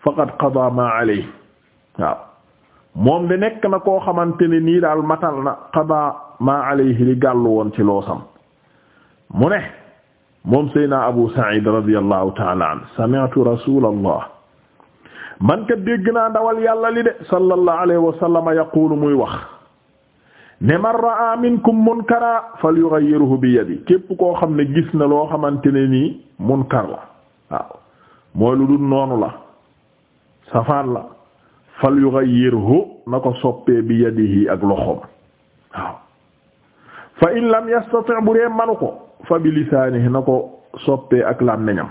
faqat qada ma alay waaw moom de nekk na koo xamante ne nii daal matal na qada ma alayhi li gàllu woon ci loosam mu ne moom Seydina Abu Sa'id radiyallahu ta'ala an sami'tu rasulallah man kat dégg naa dawal yàlla li de sallallahu alayhi wa sallam yaqulu muy wax ne man ra'a minkum munkara falyughayyirhu bi yadi képp koo xam ne gis na loo xamante ne nii munkar la waaw mooy lu dul noonu la safaan la falyughayyirhu na ko soppee bi yadihi ak loxoom waaw fa in lam yastati' bu dee manu ko fa bi lisaanihi na ko soppee ak làmmiñam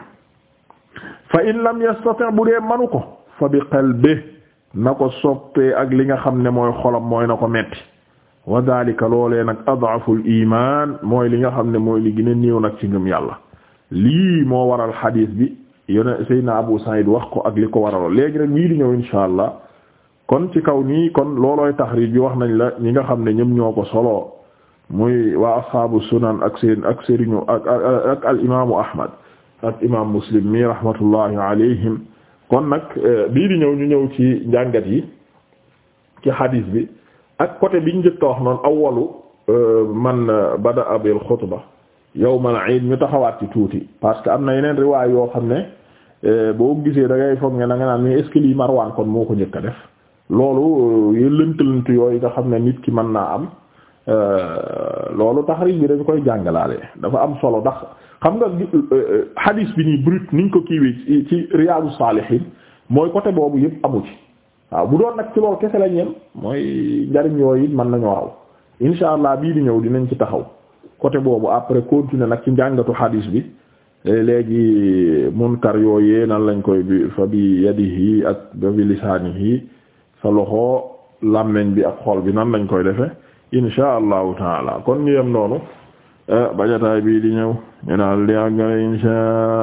fa in lam yastati' bu dee manu ko fa bi qalbi na ko soppee ak li nga xam ne mooy xolam mooy na ko metti wa daalika loolee nag ad'aful imaan mooy li nga xam ne mooy li gën a néew nag ci ngëm yàlla lii moo waral xadiis bi yone Seydina Abu Saïd wax ko ak li ko waraloon léegi rek wii di ñëw insha allah kon ci kaw nii kon loolooy taxriij bi wax nañ la ñi nga xam ne ñoom ñoo ko solo muy waa ashaabu sunan ak seen ak sëriñu ak ak al imaamu Ahmad ak imaam Muslim mi rahmatullahi alayhim kon nag eh, bii di ñëw ñu ñëw ci njàngat yi ci hadith bi ak côté biñ njëkk a wax noonu awwalu eh, man eh, bada'a bil xutba yawmal iid ñu taxawaat ci tuuti parce que am na yeneen riwaay yoo xam ne boo gisee da ngay foog ne da nga naan mais est-ce que Marwaan kon moo ko njëkk a def loolu lënt-lënt yooyu nga xam ne nit ki mën naa am. Euh, loolu taxriij bi dañu koy jàngalaale dafa am solo ndax xam nga euh, euh, hadis bi nii brut niñ ko kiiwee ci Riyadu Salihin mooy côté boobu yëpp amu ci waaw bu doon nag ci loolu kese la ñeen mooy njariñ yooyu mën nañoo raw insha allah bii di ñëw dinañ ci taxaw côté boobu après continuer nag ci njàngatu hadis bi léegi munkar yooyee nan lañ koy bi fa bi yadihi ak ba bi lisaanihi sa loxo làmmeñ bi ak xool bi nan lañ koy defe insha allahu taala kon ñu yem noonu eh, bajataay bi di ñëw ñu daal di àggale insha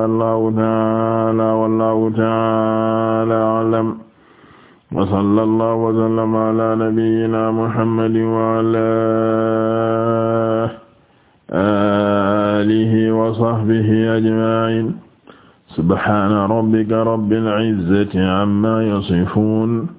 allahu taala wallahu taala alam wa sallallahu wa sallama ala nabiyyina muhammadin wa ala alihi wa sahbihi ajma'in subhana rabbika rabbil izzati amma yasifun